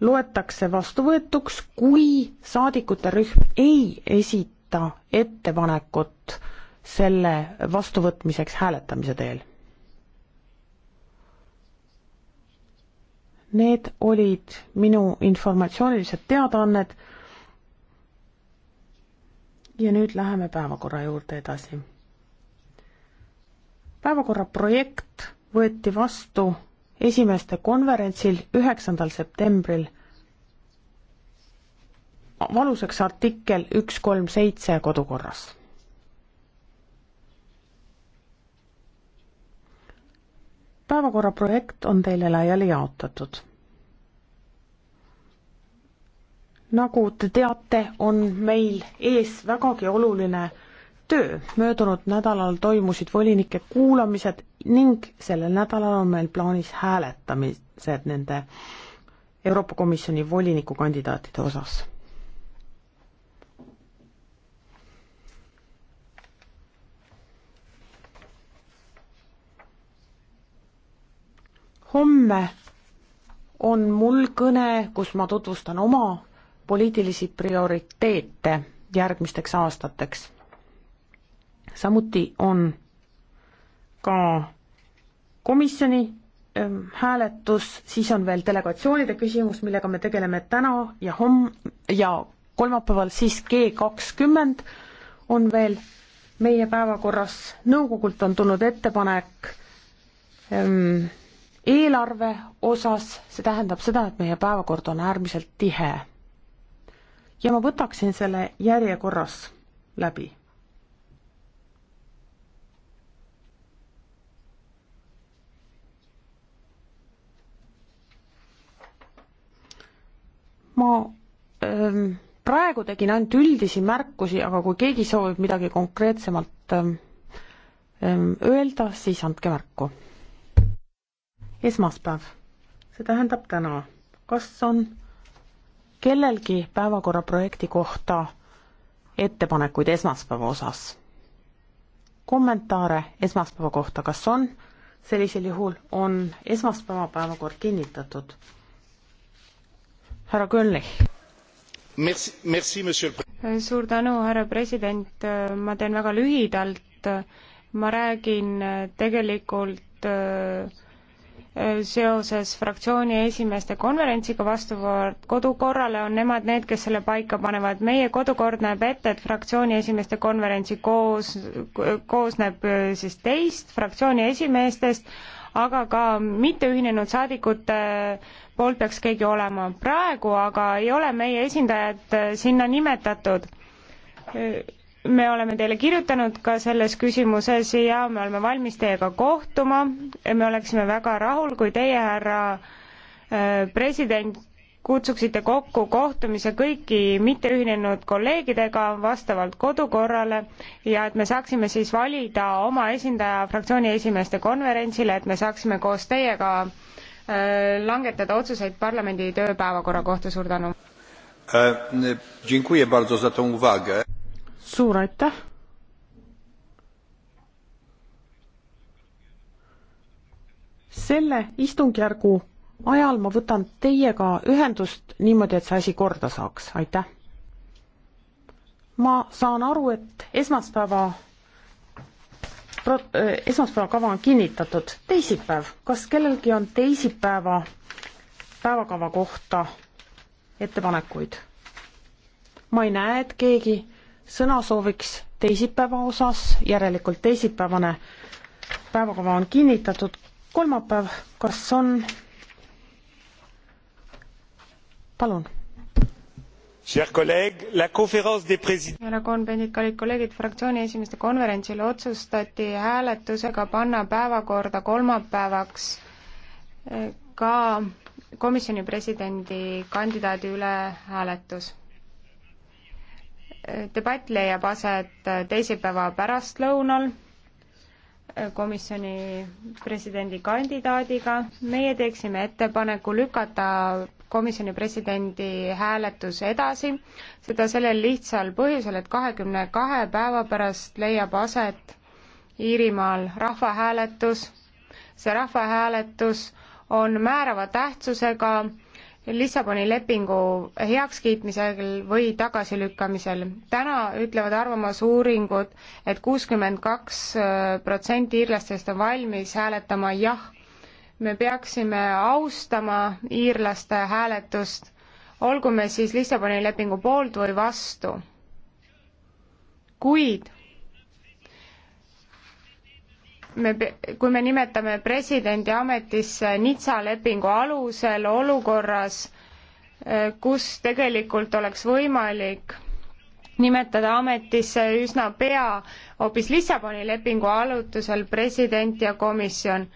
loetakse vastuvõetuks, kui saadikute rühm ei esita ettepanekut selle vastuvõtmiseks hääletamise teel. Need olid minu informatsioonilised teadaanned. ja nüüd läheme päevakorra juurde edasi. päevakorra projekt võeti vastu esimeste konverentsil üheksandal septembril valuseks artikkel üks kolm seitse kodukorras päevakorra projekt on teile laiali jaotatud. nagu te teate, on meil ees vägagi oluline töö. möödunud nädalal toimusid volinike kuulamised ning sellel nädalal on meil plaanis hääletamised nende Euroopa Komisjoni volinikukandidaatide osas. homme on mul kõne, kus ma tutvustan oma poliitilisi prioriteete järgmisteks aastateks samuti on ka komisjoni ähm, hääletus, siis on veel delegatsioonide küsimus, millega me tegeleme täna ja homm- ja kolmapäeval siis G kakskümmend on veel meie päevakorras, nõukogult on tulnud ettepanek ähm, eelarve osas, see tähendab seda, et meie päevakord on äärmiselt tihe. ja ma võtaksin selle järjekorras läbi ma ähm, praegu tegin ainult üldisi märkusi, aga kui keegi soovib midagi konkreetsemalt ähm, ähm, öelda, siis andke märku. esmaspäev, see tähendab täna, kas on kellelgi päevakorraprojekti kohta ettepanekuid esmaspäeva osas? kommentaare esmaspäeva kohta, kas on? sellisel juhul on esmaspäeva päevakord kinnitatud härra Kölnich. Äh, suur tänu, härra president, äh, ma teen väga lühidalt, ma räägin äh, tegelikult seoses fraktsiooni esimeeste konverentsiga vastavalt kodukorrale on nemad need, kes selle paika panevad. meie kodukord näeb ette, et fraktsiooni esimeeste konverentsi koos, koosneb siis teist fraktsiooni esimeestest, aga ka mitteühinenud saadikute poolt peaks keegi olema. praegu aga ei ole meie esindajad äh, sinna nimetatud. me oleme teile kirjutanud ka selles küsimuses ja me oleme valmis teiega kohtuma. me oleksime väga rahul, kui teie, härra äh, president, kutsuksite kokku kohtumise kõiki mitteühinenud kolleegidega vastavalt kodukorrale ja et me saaksime siis valida oma esindaja fraktsiooni esimeeste konverentsile, et me saaksime koos teiega äh, langetada otsuseid parlamendi tööpäevakorra kohta, suur tänu äh,. suur aitäh. selle istungjärgu ajal ma võtan teiega ühendust niimoodi, et see asi korda saaks, aitäh. ma saan aru, et esmaspäeva äh, esmaspäeva kava on kinnitatud, teisipäev, kas kellelgi on teisipäeva päevakava kohta ettepanekuid? ma ei näe, et keegi sõna sooviks teisipäeva osas, järelikult teisipäevane päevakava on kinnitatud, kolmapäev, kas on palun. härra Kohn-Pendit, kallid kolleegid, fraktsiooni esimeeste konverentsil otsustati hääletusega panna päevakorda kolmapäevaks eh, ka komisjoni presidendi kandidaadi üle hääletus. Eh, debatt leiab aset teisipäeva pärastlõunal eh, komisjoni presidendi kandidaadiga. meie teeksime ettepaneku lükata komisjoni presidendi hääletus edasi, seda sellel lihtsal põhjusel, et kahekümne kahe päeva pärast leiab aset Iirimaal rahvahääletus. see rahvahääletus on määrava tähtsusega Lissaboni lepingu heakskiitmisel või tagasilükkamisel. täna ütlevad arvamusuuringud et, et kuuskümmend kaks äh, protsenti iirlastest on valmis hääletama jah me peaksime austama iirlaste hääletust, olgu me siis Lissaboni lepingu poolt või vastu. kuid me, kui me nimetame presidendi ametisse Nitsa lepingu alusel olukorras, eh, kus tegelikult oleks võimalik nimetada ametisse üsna pea hoopis Lissaboni lepingu alutusel president ja komisjon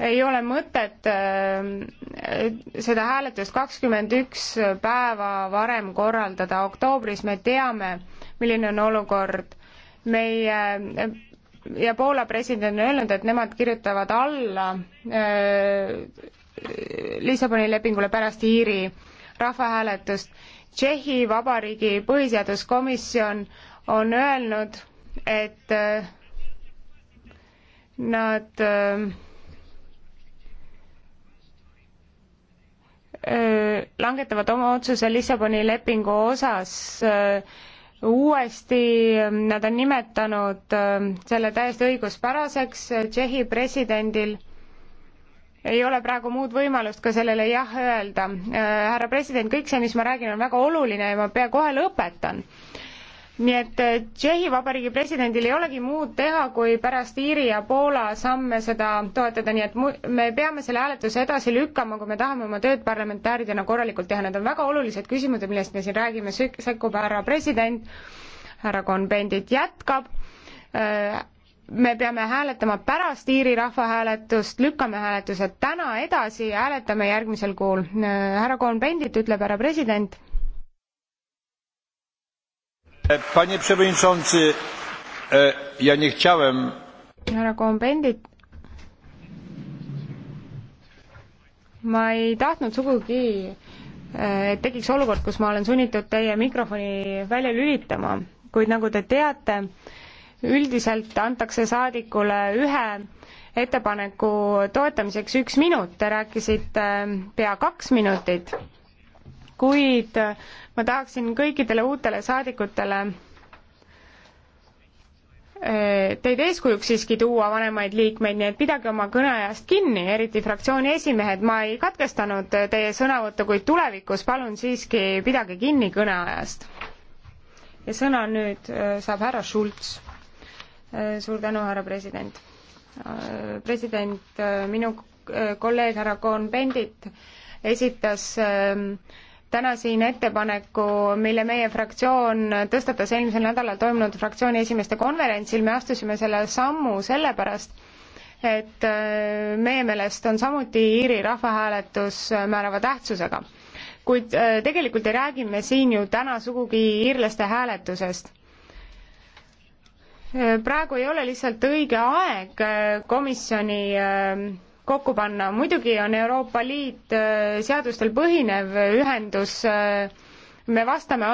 ei ole mõtet äh, seda hääletust kakskümmend üks päeva varem korraldada, oktoobris me teame, milline on olukord. meie äh, ja Poola president on öelnud, et nemad kirjutavad alla äh, Lissaboni lepingule pärast Iiri rahvahääletust. Tšehhi Vabariigi põhiseaduskomisjon on öelnud, et nad äh, langetavad oma otsuse Lissaboni lepingu osas äh, uuesti, äh, nad on nimetanud äh, selle täiesti õiguspäraseks Tšehhi presidendil ei ole praegu muud võimalust ka sellele jah öelda. härra president, kõik see, mis ma räägin, on väga oluline ja ma pea kohe lõpetan nii et äh, Tšehhi Vabariigi presidendil ei olegi muud teha, kui pärast Iiri ja Poola samme seda toetada, nii et mu-, me peame selle hääletuse edasi lükkama, kui me tahame oma tööd parlamentääridena korralikult teha, need on väga olulised küsimused, millest me siin räägime, sek-, sekkub härra president, härra konvendit jätkab, äh, me peame hääletama pärast Iiri rahvahääletust, lükkame hääletused täna edasi ja hääletame järgmisel kuul. Äh, härra Kohn-Bendit ütleb härra president Panie przewodniczący, e, ja nie chciałem. härra Kombendit. ma ei tahtnud sugugi, e, et tekiks olukord, kus ma olen sunnitud teie mikrofoni välja lülitama, kuid nagu te teate, üldiselt antakse saadikule ühe ettepaneku toetamiseks üks minut, te rääkisite e, pea kaks minutit kuid ma tahaksin kõikidele uutele saadikutele eh, teid eeskujuks siiski tuua, vanemaid liikmeid, nii et pidage oma kõneajast kinni, eriti fraktsiooni esimehed, ma ei katkestanud teie sõnavõttu, kuid tulevikus palun siiski pidage kinni kõneajast. ja sõna nüüd eh, saab härra Schulz. Eh, suur tänu, härra president. president, minu kolleeg härra Cohn-Bendit esitas äh, täna siin ettepaneku, mille meie fraktsioon tõstatas eelmisel nädalal toimunud fraktsiooni esimeeste konverentsil, me astusime selle sammu sellepärast, et äh, meie meelest on samuti Iiri rahvahääletus äh, määrava tähtsusega. kuid äh, tegelikult ei räägi me siin ju täna sugugi iirlaste hääletusest praegu ei ole lihtsalt õige aeg komisjoni kokku panna. muidugi on Euroopa Liit äh, seadustel põhinev äh, ühendus, äh, me vastame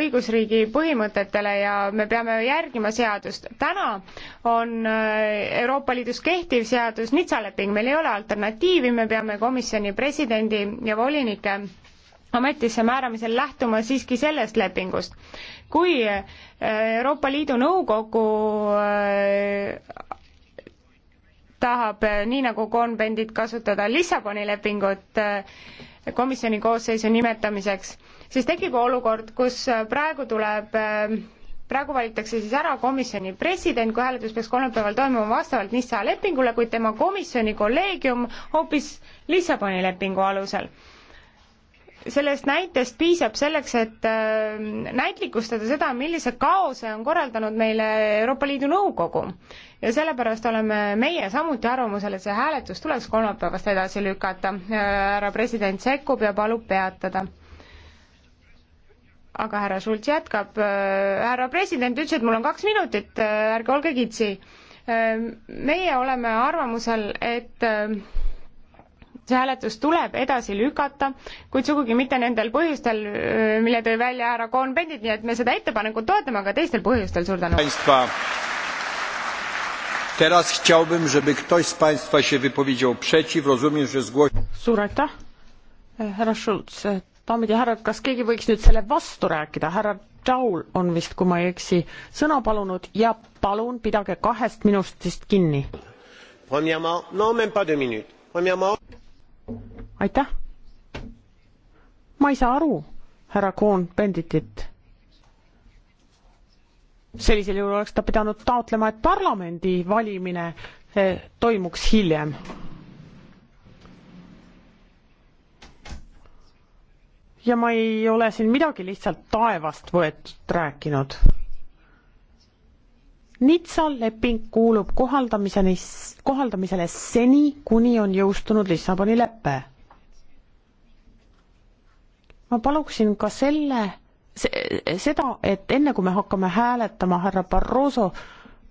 õigusriigi põhimõtetele ja me peame järgima seadust. täna on Euroopa Liidus kehtiv seadus, Nitsa leping, meil ei ole alternatiivi, me peame komisjoni presidendi ja volinike ametisse määramisel lähtuma siiski sellest lepingust. kui Euroopa Liidu Nõukogu tahab eh, nii nagu konvendid kasutada Lissaboni lepingut eh, komisjoni koosseisu nimetamiseks, siis tekib olukord, kus eh, praegu tuleb praegu valitakse siis ära komisjoni president, kui hääletus peaks kolmapäeval toimuma vastavalt Nissa lepingule, kuid tema komisjoni kolleegium hoopis Lissaboni lepingu alusel sellest näitest piisab selleks, et äh, näitlikustada seda, millise kaose on korraldanud meile Euroopa Liidu Nõukogu. ja sellepärast oleme meie samuti arvamusel, et see hääletus tuleks kolmapäevast edasi lükata. Äh, härra president sekkub ja palub peatada. aga härra Schulz jätkab, äh, härra president ütles, et mul on kaks minutit, ärge olge kitsi. meie oleme arvamusel, et see hääletus tuleb edasi lükata, kuid sugugi mitte nendel põhjustel, mille tõi välja härra Cohn-Bendit, nii et me seda ettepanekut toetame, aga teistel põhjustel, suur tänu. Teraz chciałbym, żeby ktoś z Państwa się wypowiedział przeciw. Rozumiem, że zgłosił. Suur aitäh, härra Schulz. daamid ja härrad, kas keegi võiks nüüd selle vastu rääkida? härra Taul on vist, kui ma ei eksi, sõna palunud ja palun pidage kahest minutist kinni. Premièrement, non, même pas deux minutes. Premièrement aitäh. ma ei saa aru härra Cohn-Benditit. sellisel juhul oleks ta pidanud taotlema, et parlamendi valimine eh, toimuks hiljem. ja ma ei ole siin midagi lihtsalt taevast võetud rääkinud Nitsa leping kuulub kohaldamiseni, kohaldamisele seni, kuni on jõustunud Lissaboni lepe ma paluksin ka selle, seda, et enne kui me hakkame hääletama härra Barroso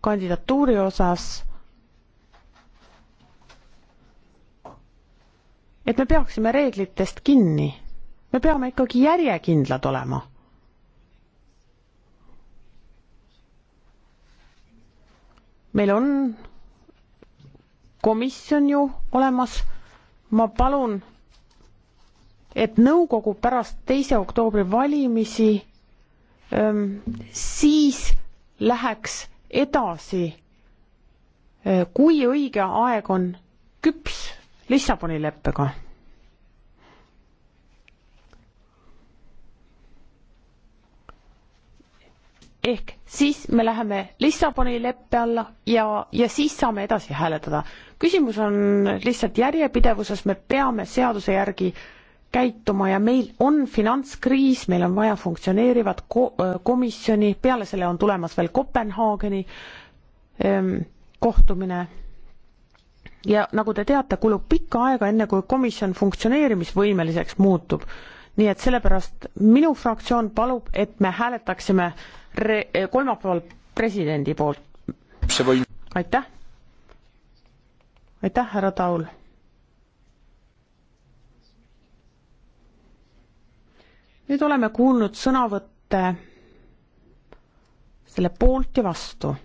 kandidatuuri osas, et me peaksime reeglitest kinni. me peame ikkagi järjekindlad olema. meil on komisjon ju olemas, ma palun et nõukogu pärast teise oktoobri valimisi ähm, siis läheks edasi, äh, kui õige aeg on küps Lissaboni leppega. ehk siis me läheme Lissaboni leppe alla ja, ja siis saame edasi hääletada. küsimus on lihtsalt järjepidevuses, me peame seaduse järgi äh, käituma ja meil on finantskriis, meil on vaja funktsioneerivat ko-, komisjoni, peale selle on tulemas veel Kopenhaageni ähm, kohtumine ja nagu te teate, kulub pikka aega, enne kui komisjon funktsioneerimisvõimeliseks muutub. nii et sellepärast minu fraktsioon palub, et me hääletaksime re-, kolmapäeval presidendi poolt. aitäh. aitäh, härra Taul nüüd oleme kuulnud sõnavõtte selle poolt ja vastu.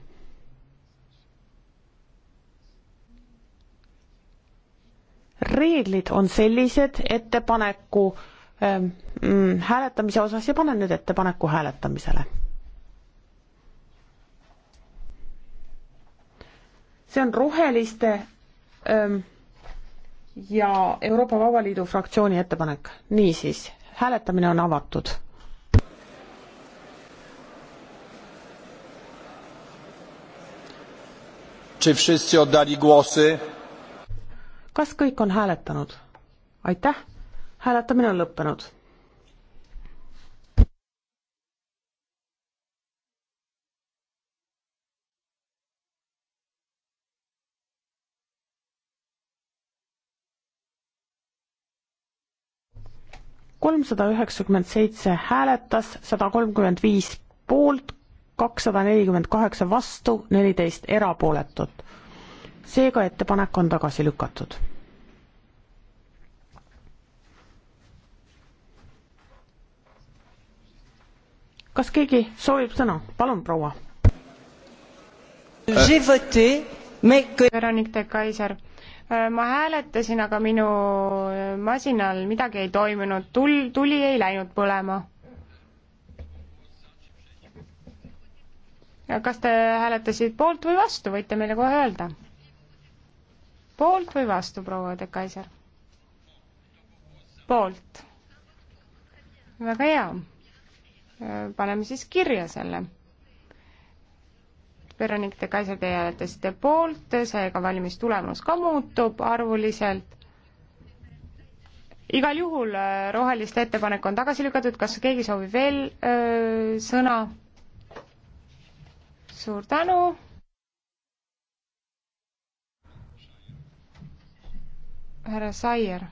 reeglid on sellised ettepaneku ähm, mm, hääletamise osas ja panen nüüd ettepaneku hääletamisele. see on roheliste ähm, ja Euroopa Vabaliidu fraktsiooni ettepanek, niisiis hääletamine on avatud. kas kõik on hääletanud? aitäh, hääletamine on lõppenud kolmsada üheksakümmend seitse hääletas, sada kolmkümmend viis poolt, kakssada nelikümmend kaheksa vastu, neliteist erapooletut. seega ettepanek on tagasi lükatud. kas keegi soovib sõna? palun, proua. Veronika de Kaiser Äh, ma hääletasin, aga minu äh, masinal midagi ei toimunud, tul-, tuli ei läinud põlema. kas te hääletasid poolt või vastu, võite meile kohe öelda? poolt või vastu, proua de Kaiser? poolt. väga hea. Äh, paneme siis kirja selle Veronik de Kaiser, teie hääletasite poolt, seega valimistulemus ka muutub arvuliselt. igal juhul äh, roheliste ettepanek on tagasi lükatud, kas keegi soovib veel öö, äh, sõna? suur tänu. härra Saier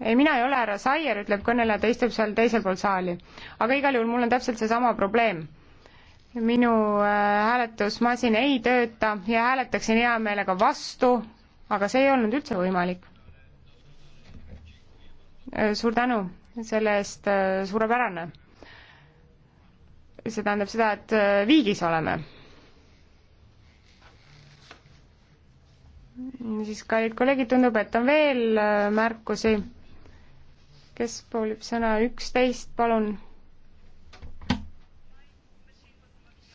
ei, mina ei ole härra Saier, ütleb kõneleja, ta istub seal teisel pool saali. aga igal juhul mul on täpselt seesama probleem minu äh, hääletusmasin ei tööta ja hääletaksin hea meelega vastu, aga see ei olnud üldse võimalik. Äh, suur tänu selle eest, äh, suurepärane. see tähendab seda, et viigis oleme. siis, kallid kolleegid, tundub, et on veel märkusi. kes soovib sõna üksteist, palun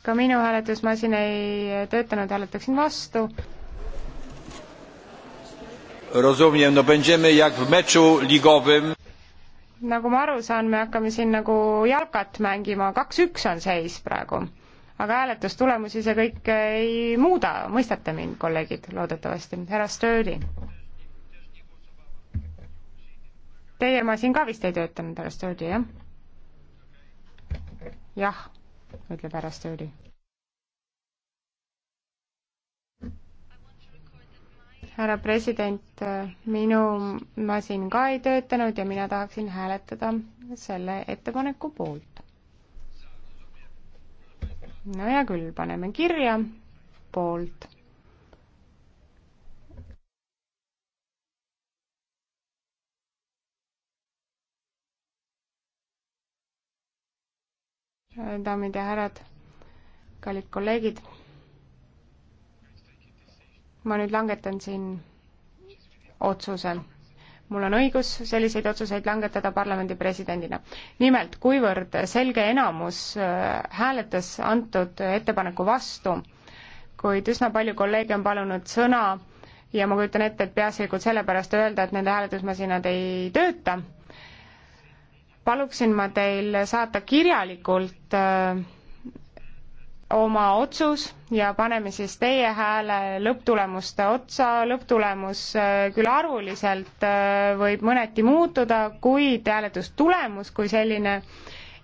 ka minu hääletusmasin ei töötanud, hääletaksin vastu. Rozumiem, no będziemy jak w meczu ligowym. nagu ma aru saan, me hakkame siin nagu jalkat mängima, kaks-üks on seis praegu. aga hääletustulemusi see kõik ei muuda, mõistate mind, kolleegid, loodetavasti, härra Stööli. Teie masin ka vist ei töötanud, härra Stööli, jah? jah ütleb härra Stööli. härra president, minu masin ka ei töötanud ja mina tahaksin hääletada selle ettepaneku poolt. no hea küll, paneme kirja poolt daamid ja härrad, kallid kolleegid. ma nüüd langetan siin otsuse. mul on õigus selliseid otsuseid langetada parlamendi presidendina. nimelt, kuivõrd selge enamus äh, hääletas antud ettepaneku vastu, kuid üsna palju kolleege on palunud sõna ja ma kujutan ette, et peaasjalikult sellepärast öelda, et nende hääletusmasinad ei tööta paluksin ma teil saata kirjalikult äh, oma otsus ja paneme siis teie hääle lõpptulemuste otsa, lõpptulemus äh, küll arvuliselt äh, võib mõneti muutuda, kuid hääletustulemus kui selline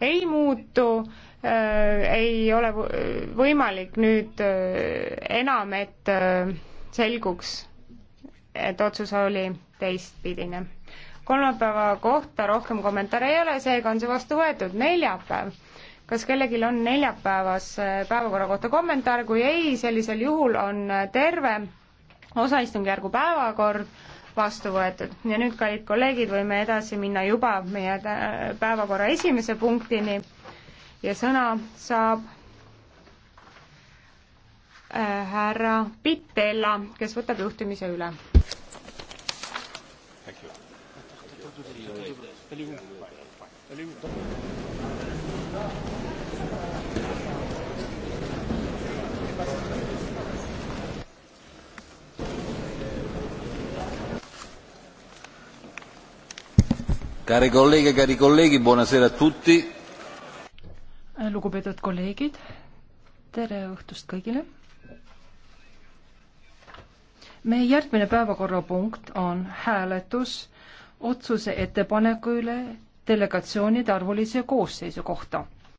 ei muutu, ei ole võimalik nüüd enam, et selguks, et otsus oli teistpidine kolmapäeva kohta rohkem kommentaare ei ole, seega on see vastu võetud, neljapäev. kas kellelgi on neljapäevas äh, päevakorra kohta kommentaar, kui ei, sellisel juhul on äh, terve osaistungjärgu päevakord vastu võetud ja nüüd, kallid kolleegid, võime edasi minna juba meie äh, päevakorra esimese punktini ja sõna saab härra Pitella, kes võtab juhtimise üle. Care colleghe, cari colleghi, buonasera a tutti. Lugupeetud kolleegid, tere õhtust kõigile. Meie järgmine päevakorrapunkt on hääletus otsuse ettepaneku üle delegatsioonide arvulise koosseisu kohta